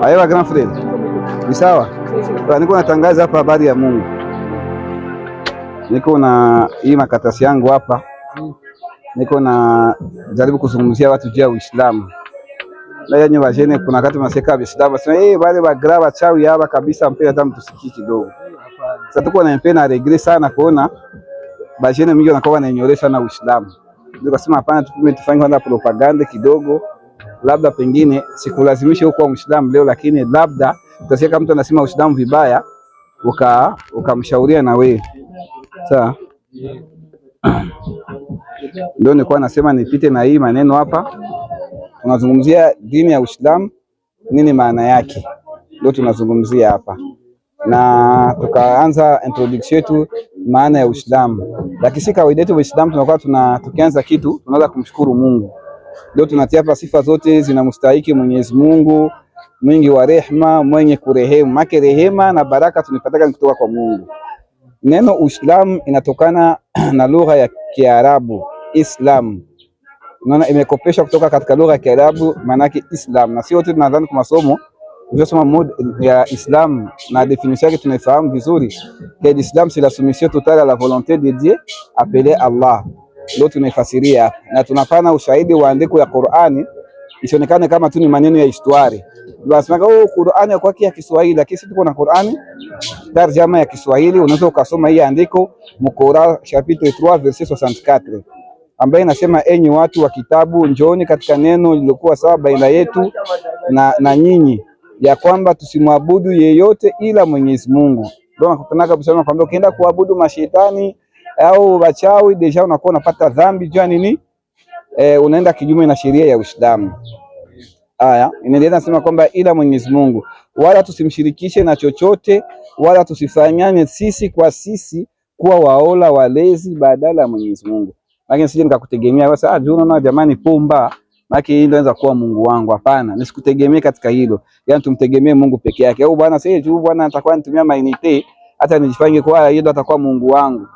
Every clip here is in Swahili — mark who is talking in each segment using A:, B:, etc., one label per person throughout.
A: Aewa grandfriend, ni sawa. Niko natangaza hapa habari ya Mungu, niko na hii makatasi yangu hapa, niko na jaribu kuzungumzia watu juu ya Uislamu nayenye wajene. Kuna wakati unaseka Uislamu nasema eh, wale grava chawi hapa kabisa, mpea hata mtusikii kidogo. Sasa tuko na mpena regret sana kuona wajene mingi wanakuwa wananyoresha na Uislamu, ndio kasema hapana, tukume tufanye kwanza propaganda kidogo labda pengine sikulazimisha huko Muislamu leo, lakini labda utasikia kama mtu anasema Uislamu vibaya, ukamshauria na wewe sawa. Ndio nilikuwa nasema nipite na hii maneno hapa. Tunazungumzia dini ya Uislamu, nini maana yake, ndio tunazungumzia hapa, na tukaanza introduction yetu maana ya Uislamu. Lakini si kawaida yetu Uislamu tunakuwa tuna tukianza kitu tunaanza kumshukuru Mungu Leo tunatiapa sifa zote zinamstahiki Mwenyezi Mungu mwingi wa rehema, mwenye kurehemu, make rehema na baraka tunipataka kutoka kwa Mungu. Neno Uislamu inatokana na lugha ya Kiarabu Islam, unaona imekopeshwa kutoka katika lugha ya Kiarabu maana yake Islam, na sio tu tunadhani kwa masomo tunasoma mode ya Islam na definition yake tunaifahamu vizuri, que l'islam c'est la soumission totale à la volonté de Dieu appelée Allah ndio tunaifasiria na tunapana ushahidi wa andiko ya Qur'ani isionekane kama tu ni maneno ya istwari. Tunasema oh, Qur'ani kwa kia Kiswahili, lakini sisi tuko na Qur'ani tarjama ya Kiswahili. Unaweza ukasoma hii andiko Mukora chapitre 3 verset 64 ambaye inasema enyi watu wa kitabu, njoni katika neno lililokuwa sawa baina yetu na, na nyinyi ya kwamba tusimwabudu yeyote ila Mwenyezi Mungu. Ndio nakutana kabisa kwamba ukienda kuabudu mashetani au wachawi, deja unakuwa unapata dhambi jua nini e, unaenda kinyume na sheria ya Uislamu. Aya, inaendelea nasema kwamba ila Mwenyezi Mungu wala tusimshirikishe na chochote wala tusifanyane sisi kwa sisi kuwa waola walezi badala ya Mwenyezi Mungu. Lakini sije nikakutegemea sasa, ah, unaona jamani, pumba maki hii ndio kuwa Mungu wangu. Hapana, nisikutegemee katika hilo, yani tumtegemee Mungu peke yake. Au bwana, sasa bwana, nitakuwa nitumia mainite hata nijifanye kwa yeye, ndo atakuwa Mungu wangu.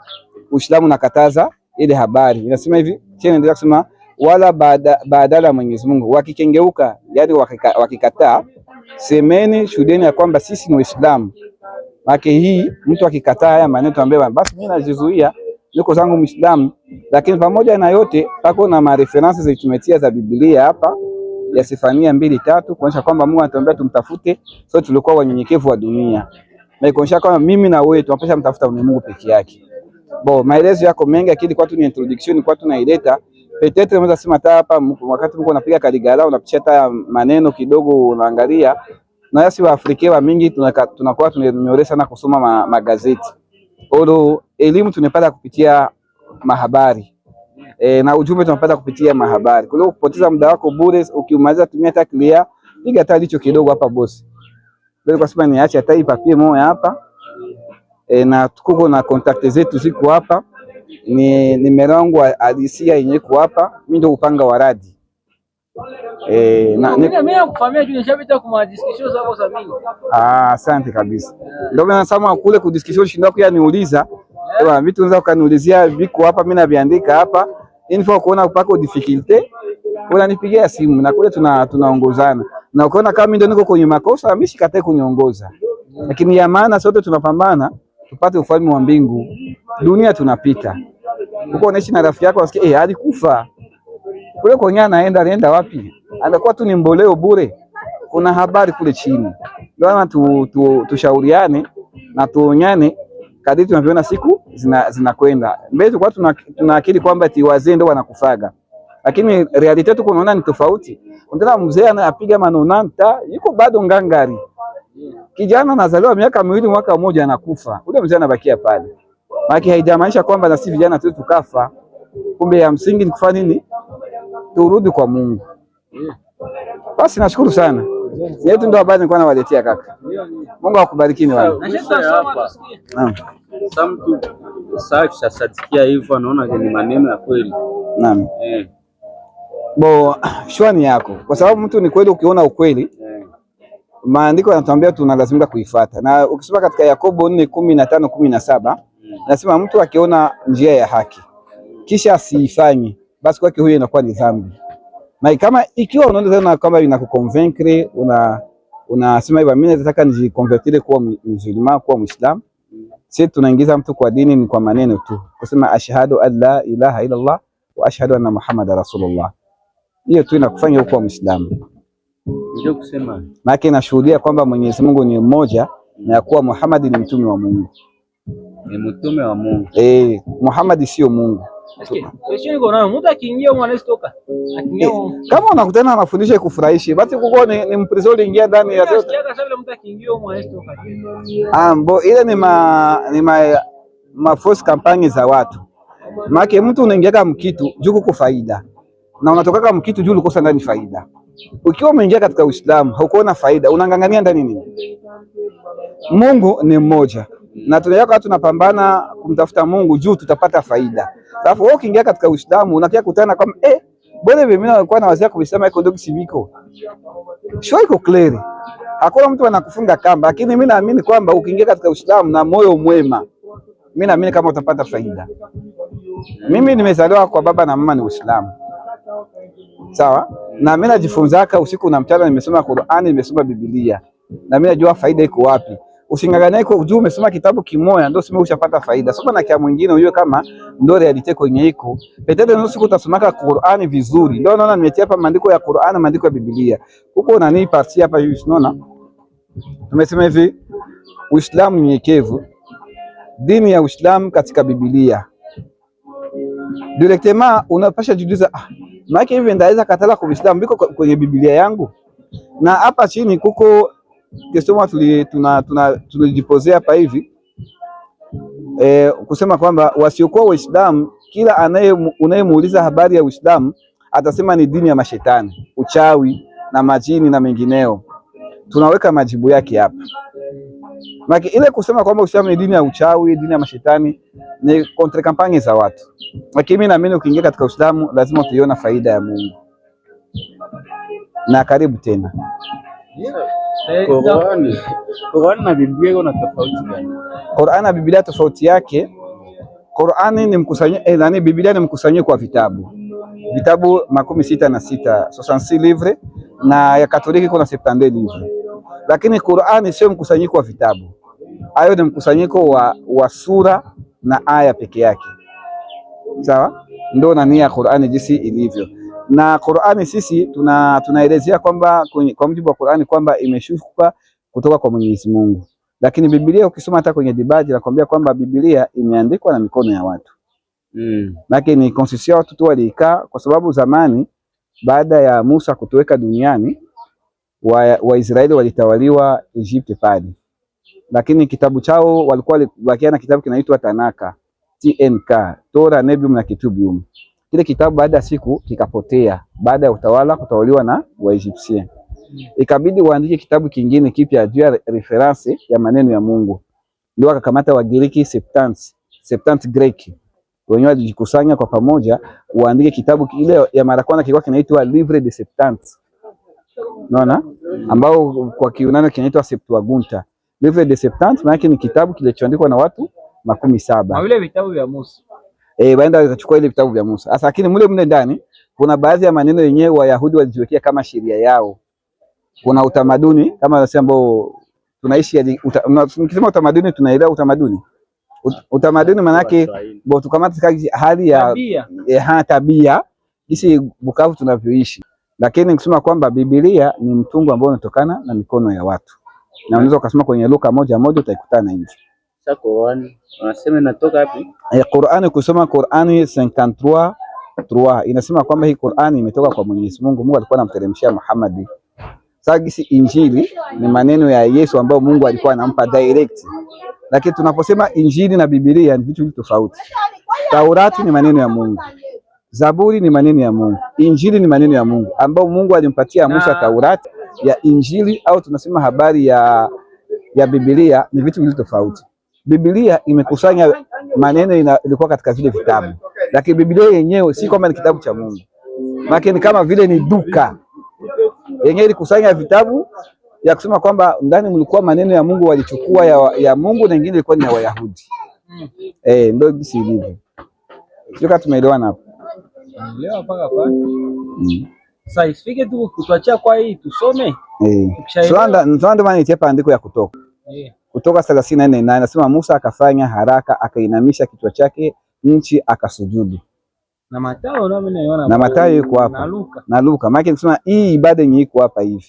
A: Uislamu unakataza ile habari, inasema hivi tena, endelea kusema wala badala ya Mwenyezi Mungu, wakikengeuka yani wakika, wakikataa, semeni shudeni ya kwamba sisi ni Waislamu. Maana hii mtu akikataa haya maneno ambayo basi mimi najizuia niko zangu Muislamu, lakini pamoja na yote pako na mareferensi mareferences zilizotumetia za Biblia hapa ya Sifania mbili tatu kuonyesha kwamba Mungu anatuambia tumtafute, so tulikuwa wanyenyekevu wa dunia na kuonyesha kwamba mimi na wewe tunapaswa mtafuta Mungu peke yake. Bo, maelezo yako mengi lakini kwa tu ni introduction kwa tu naileta. Petete unaweza sema hata hapa wakati mko unapiga kaligala unapitia hata maneno kidogo unaangalia. Na sisi wa Afrika wa mingi tunaka, tunakuwa tunaenyorea sana kusoma ma, magazeti. Odo elimu tunapata kupitia mahabari. E, na ujumbe tunapata kupitia mahabari. Kuliko kupoteza muda wako bure ukimaliza tumia hata clear, piga hata licho kidogo hapa bosi. Ndio kwa sababu niache hata ipapie moyo hapa e, na tuko na kontakte zetu ziko hapa, ni nimero yangu alisia yenye iko hapa, mimi ndio upanga wa radi
B: e, na mimi mimi. juu kwa discussion za
A: Ah, asante kabisa, ndio maana nasema kule ku discussion shindo yako niuliza yeah. Eh? Vitu unaweza ukaniulizia viko hapa, mimi naviandika hapa info kuona upako difficulty unanipigia simu na kule tuna tunaongozana na ukiona kama mimi ndio niko kwenye makosa mimi sikatae kuniongoza, lakini ya maana sote tunapambana tupate ufalme wa mbingu. Dunia tunapita uko, unaishi na rafiki yako unasikia eh, alikufa kule kwenye anaenda, anaenda wapi? Anakuwa tu ni mboleo bure. Kuna habari kule chini. Ndio tu, tu, tushauriane na tuonyane kadiri tunavyoona siku zinakwenda zina mbele. Tulikuwa tuna, tuna akili kwamba ti wazee ndio wanakufaga, lakini reality yetu kunaona ni tofauti. Ndio mzee anapiga manonanta yuko bado ngangari. Kijana anazaliwa miaka miwili mwaka mmoja anakufa, ule mzee anabakia pale. Maana haijamaanisha kwamba na sisi vijana tu tukafa. Kumbe ya msingi ni kufanya nini? Turudi kwa Mungu. Basi nashukuru sana. Yetu ndio habari nilikuwa nawaletea kaka. Mungu ni wewe.
B: Samtu sasa sadikia hivyo anaona ni maneno ya kweli.
A: Naam. Eh. Bo shwani yako kwa sababu mtu ni kweli, ukiona ukweli maandiko yanatuambia tunalazimika kuifuata, na ukisoma katika Yakobo nne kumi na tano kumi na saba nasema mtu akiona njia ya haki kisha asiifanye, basi kwake huyo inakuwa ni dhambi. Na kama ikiwa unaona kwamba inakuconvincre una unasema hivyo, mimi nataka nijikonvertire kuwa musulman kuwa muislam, sisi tunaingiza mtu kwa dini ni kwa maneno tu, kusema ashhadu an la ilaha illa Allah wa ashhadu anna Muhammad rasulullah. Hiyo tu inakufanya kuwa muislamu.
B: Ndio kusema.
A: Maana inashuhudia kwamba Mwenyezi Mungu ni mmoja na kuwa Muhammad ni mtume wa Mungu.
B: Ni mtume wa Mungu.
A: Eh, Muhammad sio Mungu. E, kama unakutana anafundisha kufurahishi, basi kuko ni, ni mprizoli ingia ndani ya zote. Ambo ah, ile ni ma ni ma, ma force kampanye za watu. make mtu unaingiaka mkitu juu kuko faida. Na unatokaka mkitu juu ulikosa ndani faida. Ukiwa umeingia katika Uislamu haukuona faida, unang'ang'ania ndani nini? Mungu ni mmoja, na tunaweka watu tunapambana kumtafuta Mungu juu tutapata faida. Alafu wewe ukiingia katika Uislamu unakia kutana kama eh, bwana mimi nilikuwa na wazia kuisema iko ndio siviko. sio iko clear. Hakuna mtu anakufunga kamba, lakini mimi naamini kwamba ukiingia katika Uislamu na moyo mwema, mimi naamini kama utapata faida. Mimi nimezaliwa kwa baba na mama ni Uislamu, sawa na mimi najifunzaka usiku na mchana, nimesoma Qur'ani, nimesoma Biblia, na mimi najua faida iko wapi. Usingangane iko juu, umesoma kitabu kimoya ndio sema ushapata faida. Soma na kia mwingine ujue kama ndio realite kwenye iko. Petete nusu utasomaka Qur'ani vizuri. Ndio naona nimetia hapa maandiko ya Qur'ani, maandiko ya Biblia. Huko unani pasi hapa hivi unaona? Tumesema hivi Uislamu nyenyekevu. Dini ya Uislamu katika Biblia. Directement unapasha jiuliza ah, maana hivi ndaweza katala kuislamu biko kwenye Biblia yangu. Na hapa chini kuko kesoma tulijipozea tuna, tuna, hapa hivi e, kusema kwamba wasiokuwa Waislamu kila unayemuuliza habari ya Uislamu atasema ni dini ya mashetani, uchawi na majini na mengineo. Tunaweka majibu yake hapa. Maana ile kusema kwamba Uislamu ni dini ya uchawi, dini ya mashetani ni contre campagne za watu. Lakini mimi naamini ukiingia katika Uislamu lazima utaiona faida ya Mungu. Na karibu tena.
B: Eh, Qur'an na Biblia tofauti gani?
A: Qur'an na Biblia tofauti yake, Qur'an ni mkusanyo eh, nani, Biblia ni mkusanyiko wa vitabu vitabu makumi sita na sita soixante-six livre na ya Katoliki kuna septante livre, lakini Qur'an sio mkusanyiko wa vitabu hayo ni mkusanyiko wa, wa sura na aya peke yake, sawa. ndo na nia ya Qur'ani jinsi ilivyo. Na Qur'ani sisi tuna tunaelezea kwamba kwa mujibu wa Qur'ani kwamba imeshuka kutoka kwa Mwenyezi Mungu, lakini Biblia ukisoma hata kwenye dibaji nakwambia kwamba Biblia imeandikwa na mikono ya watu mm. Lakini konsistoria watu tu waliikaa, kwa sababu zamani baada ya Musa kutoweka duniani Waisraeli wa walitawaliwa Egypt pale lakini kitabu chao walikuwa wakia na kitabu kinaitwa Tanaka TNK, Tora Nebium na Kitubium. Kile kitabu baada ya siku kikapotea, baada ya utawala kutawaliwa na Waegyptia, ikabidi waandike kitabu kingine kipya juu ya reference ya maneno ya Mungu. Ndio wakakamata Wagiriki Septuagint, Septuagint Greek, wenyewe walijikusanya kwa pamoja waandike kitabu kile ya mara kwanza, kilikuwa kinaitwa Livre de Septuagint, unaona, ambao kwa Kiunani kinaitwa Septuaginta livre de septante, maana ni kitabu kilichoandikwa na watu makumi saba. Na
B: vile vitabu vya Musa.
A: Eh, baenda wakachukua ile vitabu vya Musa. Sasa lakini mule mle ndani kuna baadhi ya maneno yenyewe Wayahudi walijiwekea kama sheria yao. Kuna utamaduni kama wanasema ambao tunaishi nikisema utamaduni tunaelewa utamaduni. Utamaduni maana yake tukamata kama hali ya tabia, eh, tabia isi Bukavu tunavyoishi. Lakini nikisema kwamba Biblia ni mtungo ambao unatokana na mikono ya watu na unaweza ukasoma kwenye Luka moja moja utaikutana hizo.
B: Sasa Qur'ani unasema inatoka wapi?
A: Eh, Qur'ani ukisoma Qur'ani 53 3 inasema kwamba hii Qur'ani imetoka kwa Mwenyezi Mungu. Mungu alikuwa anamteremshia Muhammad. Sasa gisi injili ni maneno ya Yesu ambayo Mungu alikuwa anampa direct. Lakini tunaposema injili na Biblia ni vitu tofauti. Taurati ni maneno ya Mungu. Zaburi ni maneno ya Mungu. Injili ni maneno ya Mungu ambayo Mungu alimpatia Musa Taurati ya Injili au tunasema habari ya, ya Biblia ni vitu vili tofauti. Biblia imekusanya maneno ilikuwa katika vile vitabu, lakini Biblia yenyewe si kwamba ni kitabu cha Mungu, lakini kama vile ni duka yenyewe ilikusanya vitabu ya kusema kwamba ndani mlikuwa maneno ya Mungu walichukua ya, ya Mungu na nyingine ilikuwa ni ya Wayahudi. Eh, ndio jinsi ilivyo. Sio kama tumeelewana hapo.
B: Leo paka paka. Sasa ifike tu kutuachia kwa hii tusome.
A: Eh, ndio maana nitia andiko ya Kutoka e. Kutoka thelathini na nne na inasema Musa akafanya haraka akainamisha kichwa chake nchi akasujudu.
B: Na Mathayo nami naiona, na
A: Mathayo yuko hapa na Luka, na Luka maana inasema hii ibada yenyewe iko hapa hivi,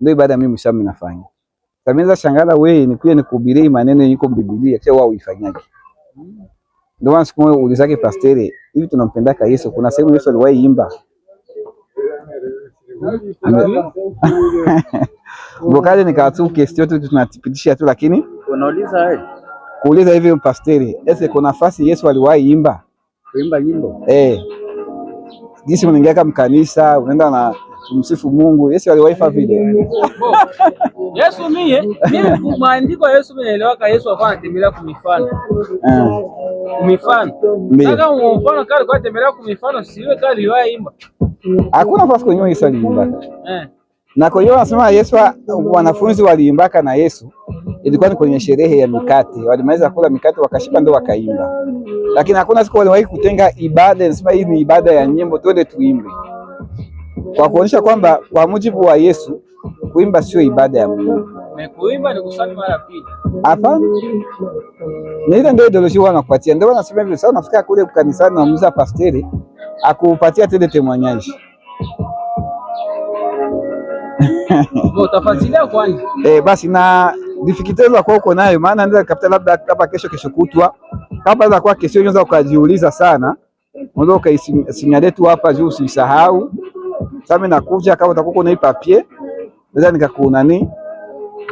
A: ndio ibada mimi mshami nafanya. Kameza shangala wewe nikuye nikuhubirie maneno yenyewe Biblia, kisha wao uifanyaje? Ndio maana siku moja ulizake pastere hivi, tunampendaka Yesu. Kuna sehemu Yesu aliwahi imba ni nikawatuke kesi yote tunatipitisha tu, lakini
B: unauliza wewe
A: kuuliza hivi mpasteri, ese kuna nafasi Yesu aliwahi imba
B: kuimba nyimbo
A: eh, jinsi mnaingia kama kanisa unaenda na msifu Mungu, Yesu fa vile
B: Yesu mie mimi maandiko Yesu mimi naelewa ka Yesu alikuwa anatembelea kumifano eh. kumifano, sasa mfano kale kwa tembelea kumifano siwe kali waimba
A: hakuna nafasi kwenye Yesu aliimbaka eh. Na kwa hiyo wanasema Yesu, wanafunzi waliimbaka na Yesu, ilikuwa ni kwenye sherehe ya mikate, walimaliza kula mikate wakashiba, ndio wakaimba, lakini hakuna siku waliwahi kutenga ibada, nasema hii ni ibada ya nyimbo, twende tuimbe, kwa kuonyesha kwamba kwa mujibu wa Yesu kuimba sio ibada ya Mungu.
B: ni kusali mara pili.
A: Hapana. Ni ile ndio ideolojia wanakupatia. Ndio wanasema hivyo. Sasa unafikia kule kanisani na muuza pasteri akupatia tende temoignage Eh, basi na difikite za kwa uko nayo, maana ndio kapita labda kapa kesho kesho kutwa, kapa za kwa kesho unaweza ukajiuliza sana, unaweza ukaisinyalia tu hapa juu, usisahau. Sasa mimi nakuja, kama utakuwa una papier naweza nikakunani,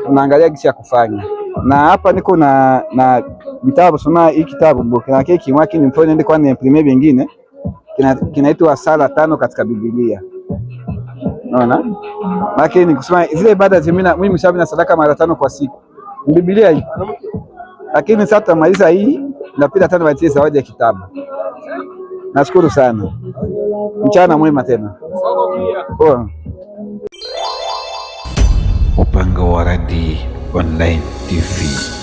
A: tunaangalia gisi ya kufanya. Na hapa niko na na vitabu sana, hii kitabu book na keki mwaki nimfanye, ndio kwa nimprimie vingine kinaitwa sala tano katika Biblia. Unaona? Maana ni kusema zile ibada zimina mimi mshabi sadaka mara tano kwa siku. Biblia hii. Lakini sasa tutamaliza hii na pita tano batie zawadi ya kitabu. Nashukuru sana. Mchana mwema tena. Oh. Upanga wa Radi Online TV.